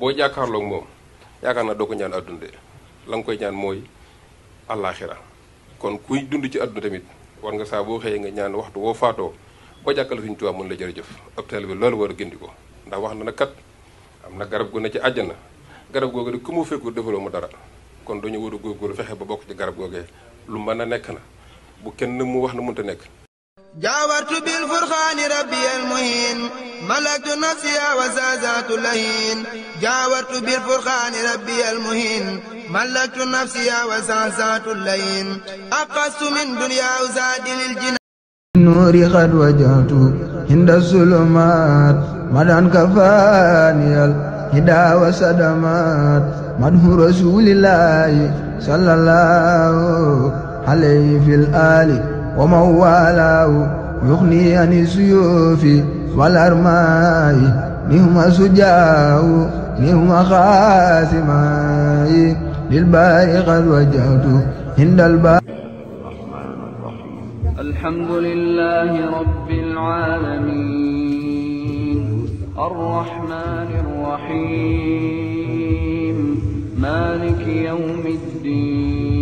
boo jàkkaarloog moom yaakaar na doo ko ñaan àdduna de la nga koy ñaan mooy àllaaxira kon kuy dund ci àdduna tamit war nga saa boo xëyee nga ñaan waxtu woo faatoo boo jàkkale suñu tubaab mën la jërëjëf ab taal bi loolu war a gindi ko ndax wax na na kat am na garab goo ne ci na garab googu de ku mu fekkul defaloo mu dara kon dañu war a lu fexe ba bokk ci garab googee lu mën a nekk na bu kenn mu wax na mënta nekk جاورت بالفرخان ربي المهين ملكت نفسي وزازات اللهين جاورت بالفرخان ربي المهين ملكت نفسي وزازات اللهين أقصت من دنيا وزاد للجنة نوري قد وجهت عند الظلمات مدان كفاني الهدى وصدمات مده رسول الله صلى الله عليه في الآله ومن والاه يغني عن السيوف والارماي منهما سجاء منهما خاسماي للباري قد وجهته عند الباري الحمد لله رب العالمين الرحمن الرحيم مالك يوم الدين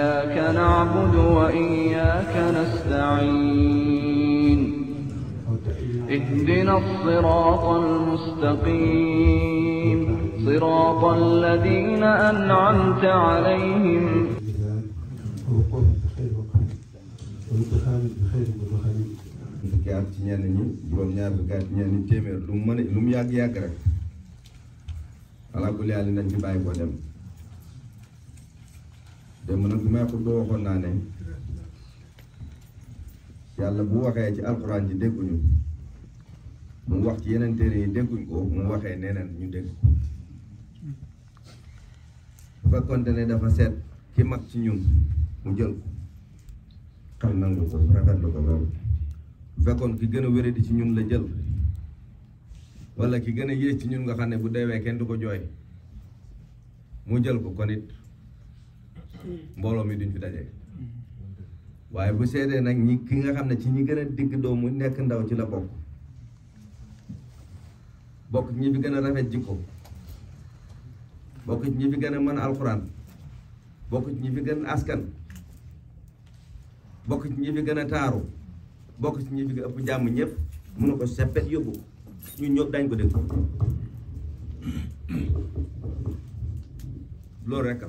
إياك نعبد وإياك نستعين اهدنا الصراط المستقيم صراط الذين أنعمت عليهم لم يجي على كل حال نجيب أي قدم. te mu nag bi may xutba waxoon naa ne yàlla bu waxee ci alxuraan ji dégguñu mu wax ci yeneen téere yi dégguñ ko mu waxee neneen ñu dégg bu fekkonte ne dafa seet ki mag ci ñun mu jël ko xam nangu fekkoon ki gën a wéradi ci ñun la jël wala ki gën a yées ci ñun nga xam ne bu deewee kenn du ko jooy mu jël ko kon it mbooloo mi duñ fi daje waaye bu seetee nag ñi ki nga xam ne ci ñi gën a digg doomu nekk ndaw ci la bokk bokk ci ñi fi gën a rafet jikko bokk ci ñi fi gën a mën alxuraan bokk ci ñi fi gën askan bokk ci ñi fi gën a taaru bokk ci ñi fi ëpp jàmm ñëpp mun na ko seppet yóbbu ñun ñëpp dañ ko dégg loolu rekk la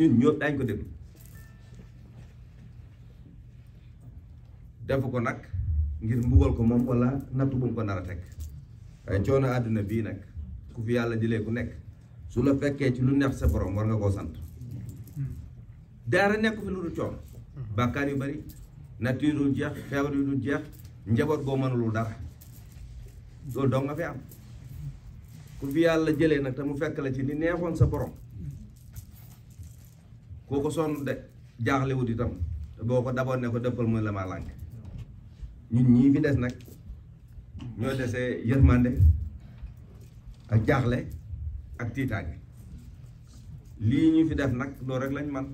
ñun ñoo dañ ko déglu def ko nak ngir mbugal ko mom wala nattu bu ko nara tek ay waaye aduna bi nak ku fi yalla jëlee ku nek su la fekke ci lu neex sa borom war nga ko sant dara nek fi lu dul coono yu bari natt jeex feebar yu jeex njabot bo manul dara do do nga fi am ku fi yalla jele nak tamu la ci li neexon sa borom koko son de jaxle wut itam boko ko ne ko deppal mooy la maa lànk ñun ñi fi dess nak ñoo dessé yermandé ak jaaxle ak titane li ñi fi def nak do rek lañ man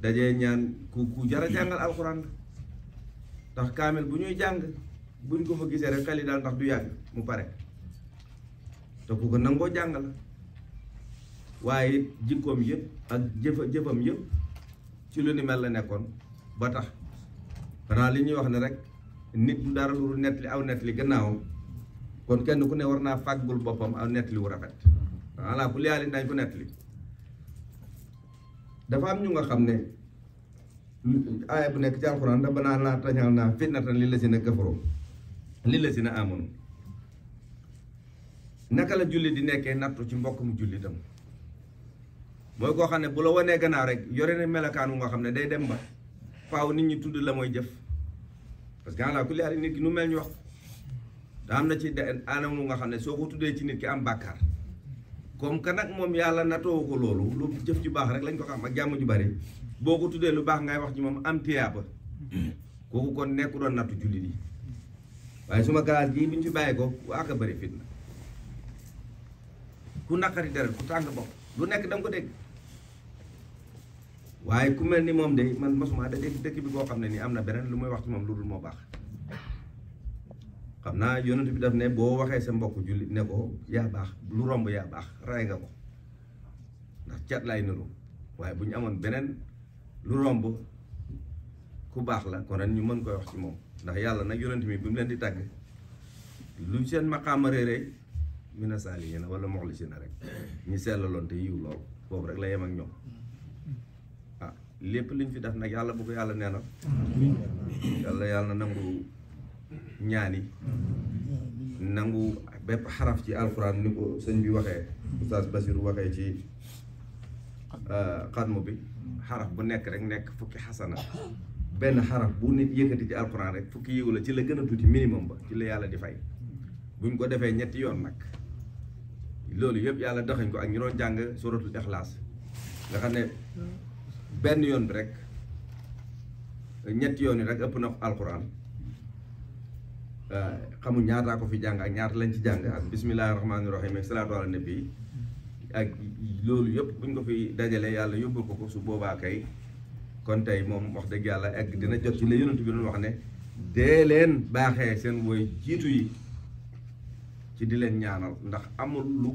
dajé ñaan ku ku jara jangal alxuraan la ndax kaamel bu ñuy jang buñ ko fa gisé rek xel dal du yag mu paré to ku ko nango jangal waye jikom yépp ak jëfa jëfam yëpp ci lu ni mel la nekkoon ba tax xanaa li ñuy wax ne rek nit du dara lu nett aw nett li kon kenn ku ne war naa fàggul boppam aw nett wu rafet voilà ku liyaali dañ ko nett li dafa am ñu nga xam ne aaya bu nekk ci alxuraan da banaa naa tañal naa fitnatan li la si na kafaroo li la si na amoon naka la julli di nekkee nattu ci mbokkum mooy koo xam ne bu la wanee ganaar rek yore ne melokaanu nga xam ne day dem ba faaw nit ñi tudd la mooy jëf parce que àla kulli nit ki nu mel ñu wax na ci anamu nga xam ne soo ko tuddee ci nit am bàkkaar comme que nag moom yàlla natoo ko loolu lu jëf ju baax rek lañ ko xam ak jàmm ju bari boo ko tuddee lu baax ngay wax ci moom am tiyaaba kooku kon nekku doon nattu jullit yi waaye suma galaas gi bi ñu fi bàyyi ko ku ak a bëri fitna ku naqari deret ku tàng bopp lu nekk danga ko dégg waaye ku mel ni moom de man mosuma da dëkk bi koo xam ne ni am na beneen lu muy wax ci moom lu dul moo baax xam naa yonent bi daf ne boo waxee sa mbokk jullit ne ko yaa baax lu romb yaa baax ray nga ko ndax cat lay niru waaye bu ñu amoon beneen lu romb ku baax la kon ren ñu mën koy wax ci moom ndax yàlla nag yonent mi bi mu leen di tàgg lu seen maqaama réere mina saali yéena wala moxli si na rek ñu seetla loon te yiw lool boobu rek la yem ak ñoom lépp ñu fi def nag yàlla bugg yàlla neenal mm-hmm. yàlla yàlla nangu ñaan yi mm-hmm. nangu bepp xaraf ci alxuraan ni ko sëñ bi waxee oustaz Basiru waxee ci euh, xatmu bi xaraf bu nekk rek nekk fukki xasana benn xaraf bu nit yëkkati ci alxuraan rek fukki yiw la ci la gën a tuuti minimum ba ci la yàlla di fay buñ ko defee ñetti yoon nag loolu yëpp yàlla doxañ ko ak ñu doon jàng suratul ixlaas nga xam ne ben yon bi rek ñetti yoon rek ëpp na alquran euh, xamu ñaataa ko fi jàng ak ñaata lañ ci jàng ala nabi ak loolu yëpp buñ ko fi dajalee yàlla yóbbu ko ko su boobaa kay kon tey moom wax dëgg yàlla egg dina jot ci la yonent bi doon wax ne dee leen baaxee seen woy jiitu yi ci di amul lu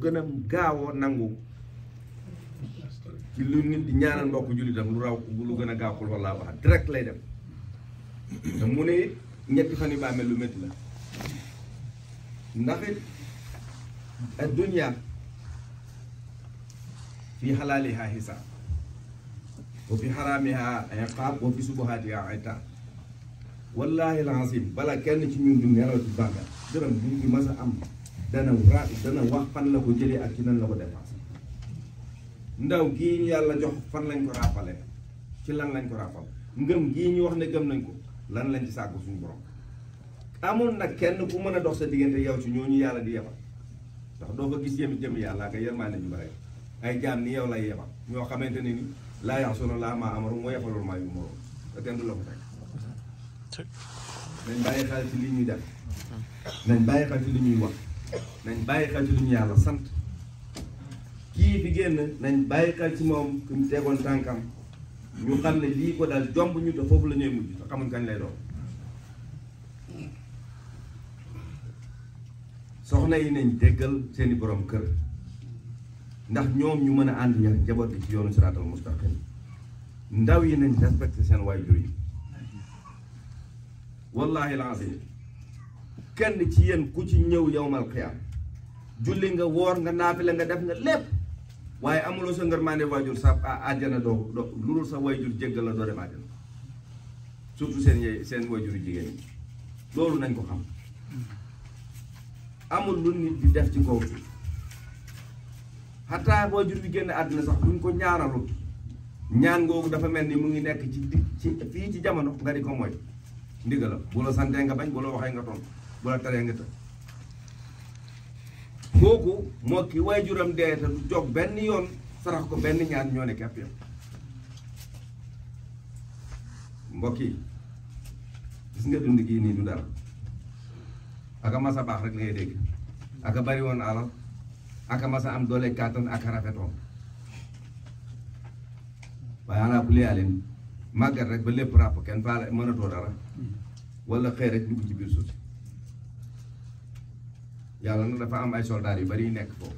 ci lu nit di ñaanal mbokk jullitam lu raw lu gën a gaaw xul wala baax direct lay dem te mu ne ñetti fan lu métti la ndax it ak dunya fii xalaaliha xisaab wa fi xaraamiha iqaab wa fi subuhaatiha itaab wallaahi alazim bala kenn ci ñun du nelaw ci bàmmeel dërëm bu ñu mas a am dana ra dana wax fan la ko jëlee ak ci nan la ko defar ndaw gii ñu yàlla jox fan lañ ko ràppale ci lan lañ ko ràppal ngëm gii ñu wax ne gëm nañ ko lan lañ ci sàkku suñu borom amul nag kenn ku mën a dox sa diggante yow ci ñooñu yàlla di yebal ndax doo fa gis yémi jëm yàlla ak yërmaande ñu bare ay jaam ni yow lay yebal ñoo xamante ni laa yaxsuna laa maa amarum wa yafaluuna maa yu'maruun te kenn du la ko teg nañ bàyyi xel ci li ñuy def nañ bàyyi xel ci li ñuy wax nañ bàyyi xel ci li ñu yàlla sant kii fi génn nañ bàyyi xel ci moom fi mu tegoon tànkam ñu xam ne lii ko dal jomb ñu te foofu la ñuy mujj te xamuñ kañ lay doon soxna yi nañ déggal seeni boroom kër ndax ñoom ñu mën a ànd yar njaboot bi ci yoonu siraatal mustaqim ndaw yi nañ respecté seen waajur yi wallahi lancim kenn ci yéen ku ci ñëw yowmal xiyaam julli nga woor nga naafila nga def nga lépp waaye amuloo sa ngërmaande waajur sa àjjana doo doo lu dul sa waajur jéggal la doo dem àjjana surtout seen seen waajuru jigéen loolu nañ ko xam amul lu nit di def ci kaw bi xataa waajur bi génn àddina sax duñ ko ñaanalul ñaan googu dafa mel ni mu ngi nekk ci di ci fii ci jamono nga di ko mooy ndigalam bu la santee nga bañ bu la waxee nga tontu bu la taree nga tëj koku mo ki wayjuram de te du jog ben yoon sarax ko ben ñaan ñoo ne kep yoon mbokk gis nga dund gi ni du dal aka masa bax rek ngay deg aka bari won alal aka masa am dole katan aka rafeto waaye anaa ku liyaalin màggat rek ba lépp ràpp kenn faale mënatoo dara wala xëy rek dug ci bir suuf yàlla na dafa am ay soldats yu bari nekk foofu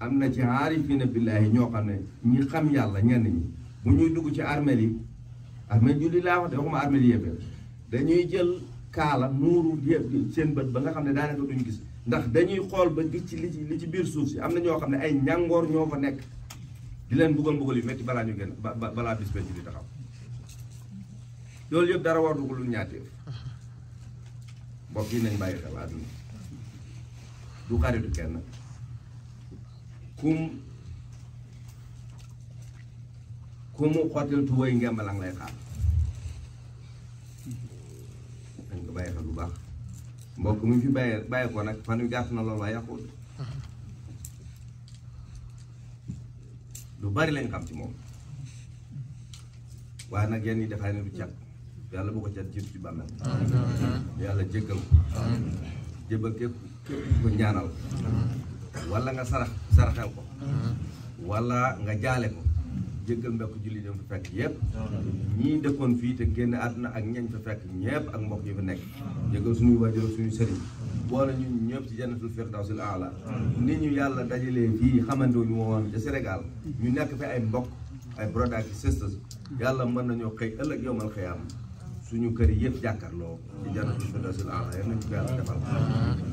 am na ci aarifiina billaahi ñoo xam ne ñi xam yàlla ñenn ñi bu ñuy dugg ci armeel yi armeel julli laa wax de waxuma armeel yépp dañuy jël kaala nuuru seen bët ba nga xam ne daanaka duñ gis ndax dañuy xool ba gis ci li ci biir suuf si am na ñoo xam ne ay njàngoor ñoo fa nekk di leen buggal buggal yu métti balaa ñu gën balaa bis benn di taxaw loolu yëpp dara war dugg lu ñaatee mbokk yi nañ bàyyi du du kan kenn kum kumu xottil tubay ngemb lang lay xaar dañ ko bàyyi xel bu baax mbokk mu fi baye baye ko nak fanu yu na lol waaye yàqul du bari lañ xam ci mom wa nag yenn ni defay na du ciat yalla bu ko ciat jiitu ci bamel yalla jéggal jébal képp ko ñaanal walla nga sarax saraxel ko wala nga jaale ko jéggal mbokk julli ñoom fa fekk yëpp ñii dëkkoon fii te génn àdduna ak ñañ fa fekk ñëpp ak mbokk yi fa nekk jéggal suñuy waajur suñu sëriñ boole ñun ñëpp ci jannatul firdawsil aala ni ñu yàlla dajalee fii xamante wuñu woon ca Sénégal ñu nekk fi ay mbokk ay brothers ak sisters yàlla mën nañoo xëy ëllëg yowmal xiyaam suñu kër yi yëpp jàkkaarloo ci jannatu firdawsil aala yal nañu yalla defal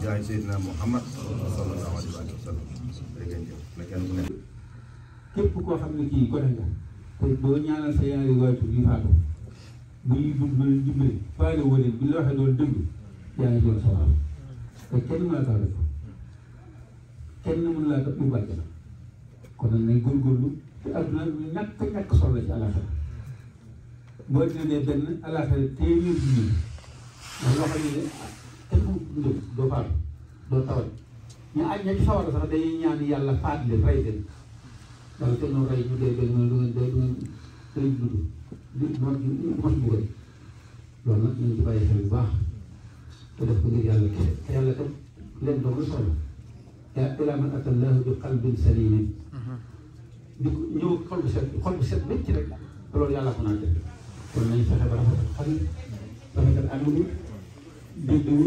jaay sayyidina Muhammad sallallahu alaihi wa sallam dégg na kenn ku nekk képp koo xam ne kii ko def nga te doo ñaanal sa yaari waajur yu faatu bu ñuy dund ba leen dimbale faale woo leen bi la waxee doon dëgg yaa ngi doon soxla te kenn mën laa ko kenn mën laa ko ubbal la kon nag nañ góorgóorlu te adduna ñàkk ñàkk solo la ci àllaxira boo jëlee benn alaxira téeméer junni ndax loo xam ne ah, kenn doo faatu doo tawat ñu àñ ña ci sawar sax dañuy ñaan yàlla faat leen rey leen wala te ñu rey ñu dee benn nag ñu ci bàyyi xel bu te def ko ngir yàlla te leen doog la soxla ilaa man atallaahu bi qalbin saliim mm-hmm. di xol bu set xol bu set wécc loolu yàlla ko naan def kon nañ fexe ba rafetal xarit rafetal ànd bi déggoo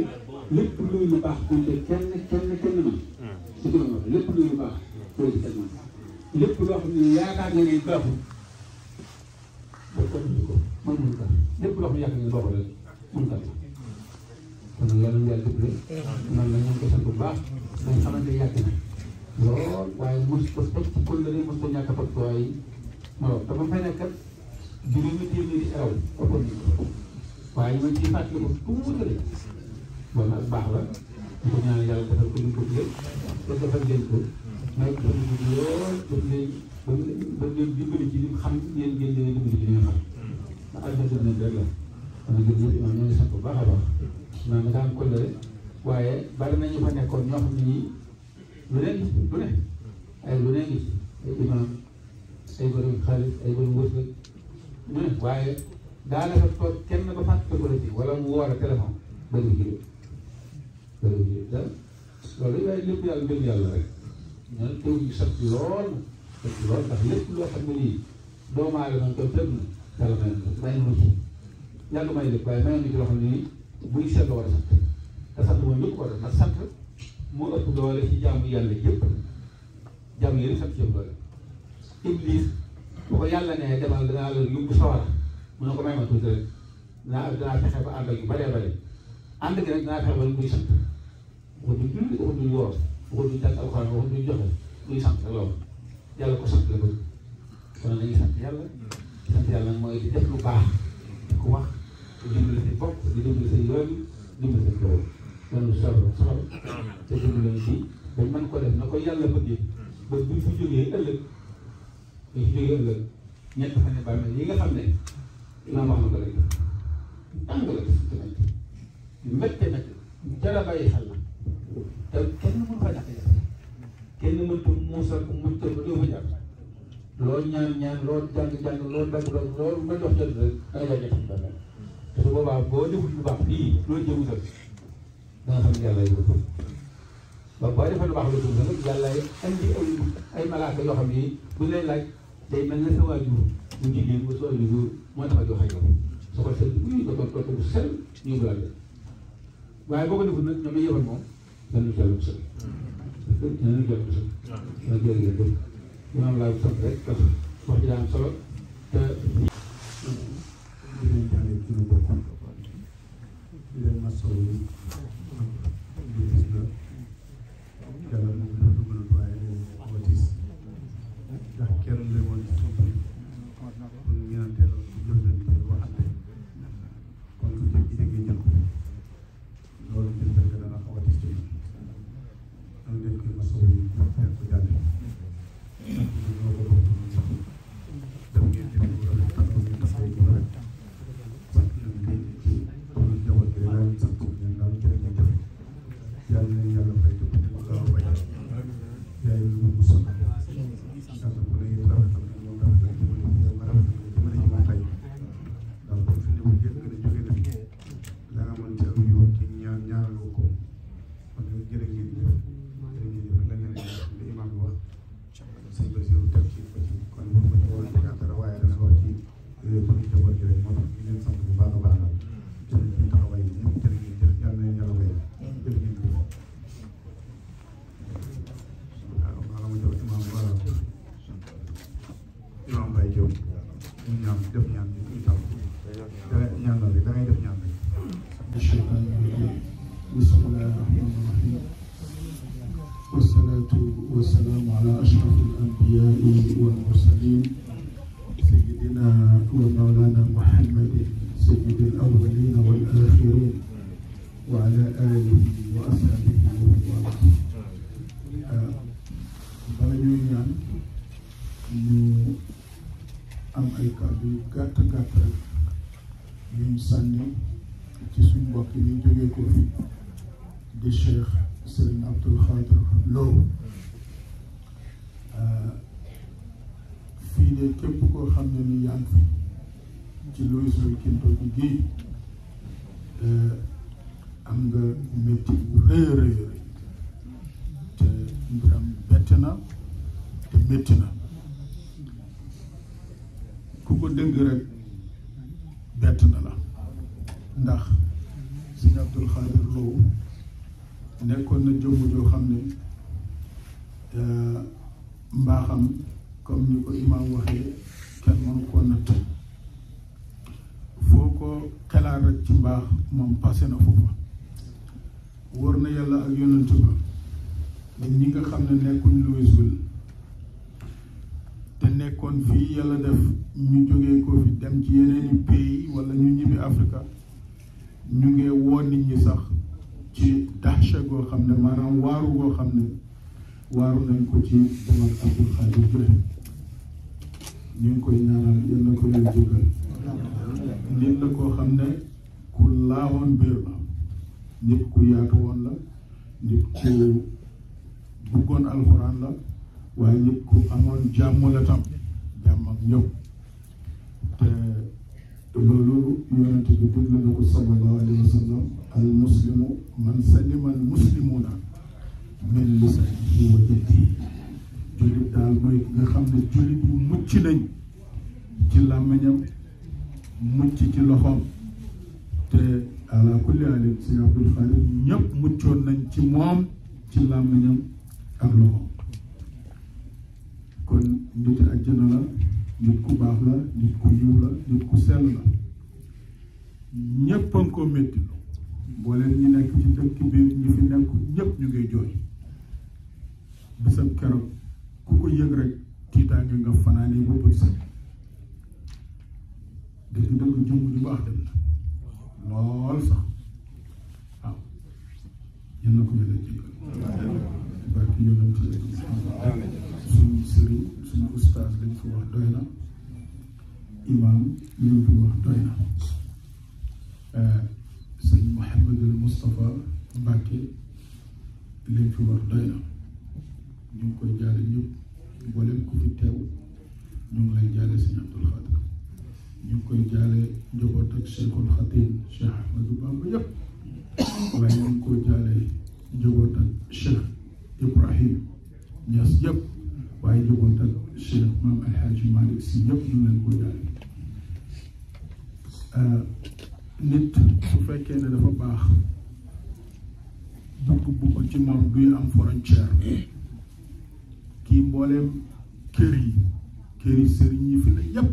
luy lu baax bu ñu kenn kenn kenn man su ko wax lépp luy lu baax koo ci teg man lépp loo xam ne nga ne baaxul ba ko ko lépp loo xam ne nga ne baaxul rek mun ko man la ñu ko bu dañ xamante na lool ko ko fay juróomi téeméeri araw ëppoon nañ ko waaye mooy ci fàttali ko fu mu wutalee loolu ak baax la ñu ko ñaan yàlla defal ko ñu ko yëpp te defal leen ko may ko ñu lool ba mu leen ba mu leen ba mu leen dimbali ci li mu xam ngeen ngeen leen dimbali ci li nga xam ndax àdduna dem nañ rek la dana gën yëpp imaam ñoo ngi sant bu baax a baax naa nga daan ko waaye bari nañu fa nekkoon ñoo xam waaye daanaka toog kenn ba fàttali ko la ci wala mu woo la téléphone bëriwul ji bëriwul ji te loolu waaye lépp yàlla mbir yàlla rek ñoom taw yi sat lool sat lool ndax lépp loo xam ne nii doomu aadama ko tëb na yàlla may may na ci yàlla may lépp waaye may na ci loo xam ne nii buy seet la war a sant te sant mooy lépp war a ndax sant moo ëpp doole ci jaamu yàlla yëpp jaamu yëpp sant yëpp doole iblis bu ko yàlla ne demal dinaa la yóbbu sawara mu ne ko may ma tuuti rek dinaa dinaa fexe ba ànd ak yu bëree bëri ànd gi nag dinaa fexe ba muy sant waxul duñ julli waxul duñ woor waxul duñ jàng alxuraan waxul yàlla ko sant la bëgg kon nañu sant yàlla sant yàlla ko wax di dimbali sa bopp di dimbali ko def na ko yàlla bëggee ba buñ fi jógee ëllëg te jóge ëllëg ñett xam ne bàmmeel yi nga xam ne imaam wax na ko léegi tàng la gis ci métti métti nag jar a bàyyi xel la te kenn mënu fa ñàkk yàlla kenn mënta muusal mënta ba doo fa jàpp loolu ñaan ñaan loolu jàng-jàng loolu dagg dagg loolu mën dox jot rek da nga jàpp ci bàmmeel te su boobaa boo deful lu baax fii loolu jëmu sa da nga xam ne yàlla yóbbu ba boo defee lu baax loolu jëm sa nag yàlla andi ay ay malaaka yoo xam ne bu ñu lay laaj day mel ne sa waajur bu jigéen ba sa waajur góor moo tax a jox ak yow su ko seetlu bu ñuy doxal kooku bu sell ñu ngi laajal waaye boo ko defoon nag ñoom yebal moom dañu jàll bu sell dañu jàll bu sell dañu jàll ngeen bëgg maanaam laa sant rek parce que wax ji daa am solo te. di leen jàngee ci lu bokk di leen masawu الشيطان الرجيم بسم الله الرحمن الرحيم liggéey képp koo xam ne ni yaa ngi fi ci Louis Kintoki gii am nga métti bu rëy a rëy te mbiram bett na te métti na ku ko dégg rek bett na la ndax sëñ Abdul Xaadir Lo nekkoon na jëmm joo xam ne eh, mbaaxam comme ñu ko imaam waxee kenn mënu koo natt foo ko xelaat rek ci mbaax moom passé na foofa wóor na yàlla ak yonent ba ñi nga xam ne nekkuñ Louisville te nekkoon fii yàlla def ñu jógee ko fi dem ci yeneeni pays wala ñu ñibbi Afrika ñu ngi woo ñi sax ci daxsha goo xam ne maanaam waaru goo xam ne waaru nañ ko ci demal Abdul Xaadir ñu ngi koy ñaanal yal na ko yàlla nit la koo xam ne ku laawoon biir la nit ku yaatu woon la nit ku bëggoon alxuraan la waaye nit ku amoon jàmm la tam jàmm ñëw te loolu yonent bi ko sallallahu alayhi wa sallam al muslimu man salima al muslimuna min lisanihi wa yadihi jullit mooy ki nga xam ne jullit bu mucc nañ ci làmmiñam mucc ci loxoom te ala kulli alim si Abdul Xaadir ñëpp muccoon nañ ci moom ci làmmiñam ak loxoom kon nit àjjana la nit ku baax la nit ku yiw la nit ku sell la ñëpp a ngi ko métti mbooleen nekk ci dëkk bi ñi fi nekk ñu ngay jooy bisab keroog ku ko yëg rek tiitaange nga fanaane boo bët set gis nga dem jëmm ju baax dem na lool sax waaw yéen na ko mel ci barki yonent suñu sëriñ suñu ustaas lañ fi wax doy na imaam lañ fi wax doy na sëñ Mouhamadul Moustapha Mbacke lañ fi wax doy na ñu ngi koy jaale ñëpp mboolem ku fi teew ñu ngi lay jaale sëñ Abdul Xaadir ñu ngi koy jaale njaboot ak Cheikhul Xatim Cheikh Ahmadou Bamba yëpp waaye ñu ngi koy jaale njaboot ak Cheikh Ibrahim Niass yëpp waaye njaboot ak Cheikh Maam Alxaaji Malick Si yëpp ñu ngi leen koy jaale nit su fekkee ne dafa baax bugg bugg ci moom duy am frontière ci mbooleem kër yi kër yi sëriñ yi fi ne yépp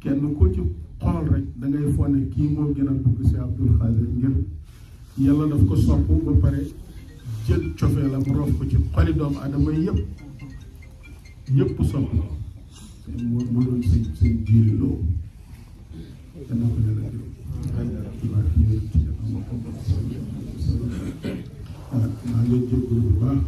kenn ko ci xool rek da ngay fonne kii moo gën a bëgg si Abdul Xaadir ngir yàlla daf ko sopp ba pare jël cofee la mu roof ko ci xoli doomu adama yépp ñépp sopp moo mu doon ko bu baax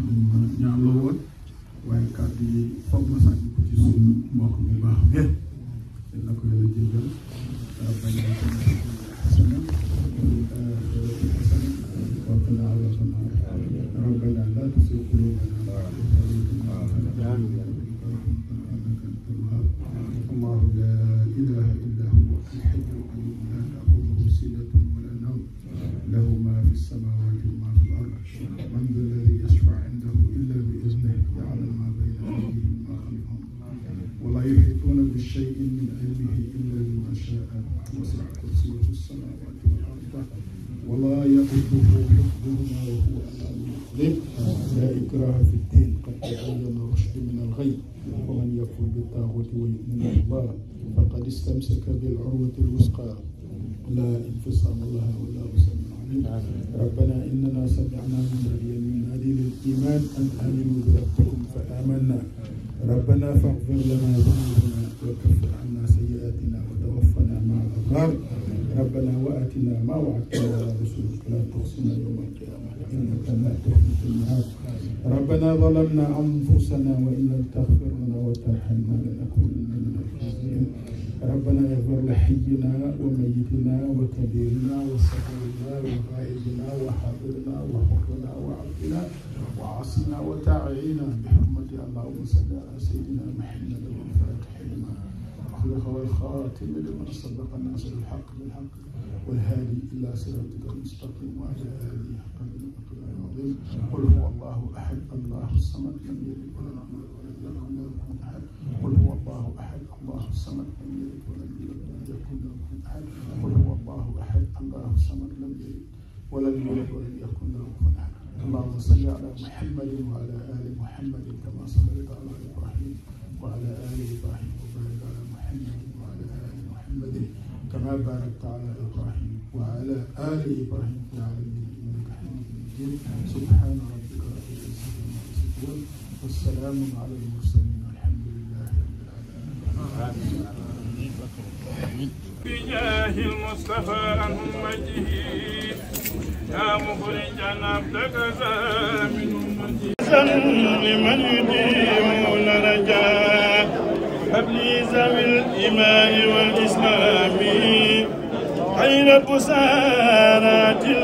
استمسك بالعروة الوثقى لا انفصام لها ولا وسام ربنا إننا سمعنا مناديا ينادي الايمان أن آمنوا بربكم فآمنا ربنا فاغفر لنا ذنوبنا وكفر عنا سيئاتنا وتوفنا مع الأبرار ربنا وآتنا ما وعدتنا ظلمنا أنفسنا وإن لم تغفر لنا وترحمنا لنكونن من الخاسرين ربنا اغفر لحينا وميتنا وكبيرنا وصغيرنا وغائبنا وحاضرنا وحرنا وعبدنا وعاصنا وتعينا بحرمة الله وصلى على سيدنا محمد وفاتح لما الأخوة الخواتي لمن صدق الناس بالحق بالحق والهادي إلى صراطك المستقيم وعلى آله حق قدره العظيم قل هو الله أحد الله الصمد لم يلد ولم يولد ولم يكن له كفوا أحد قل هو الله أحد الله الصمد لم يلد ولم يولد ولم يكن له كفوا أحد قل هو الله أحد الله الصمد لم يلد ولم يولد ولم يكن له كفوا أحد اللهم صل على محمد وعلى آل محمد كما صليت على إبراهيم وعلى آل إبراهيم كما باركت على إبراهيم وعلى آل إبراهيم في العالمين إنك حميد مجيد سبحان ربك رب العزة عما يصفون والسلام على المرسلين والحمد لله رب العالمين بجاه المصطفى عن أمته يا مخرجا عبدك من لمن يديم لرجاء قبل بالإيمان والإسلام بسارات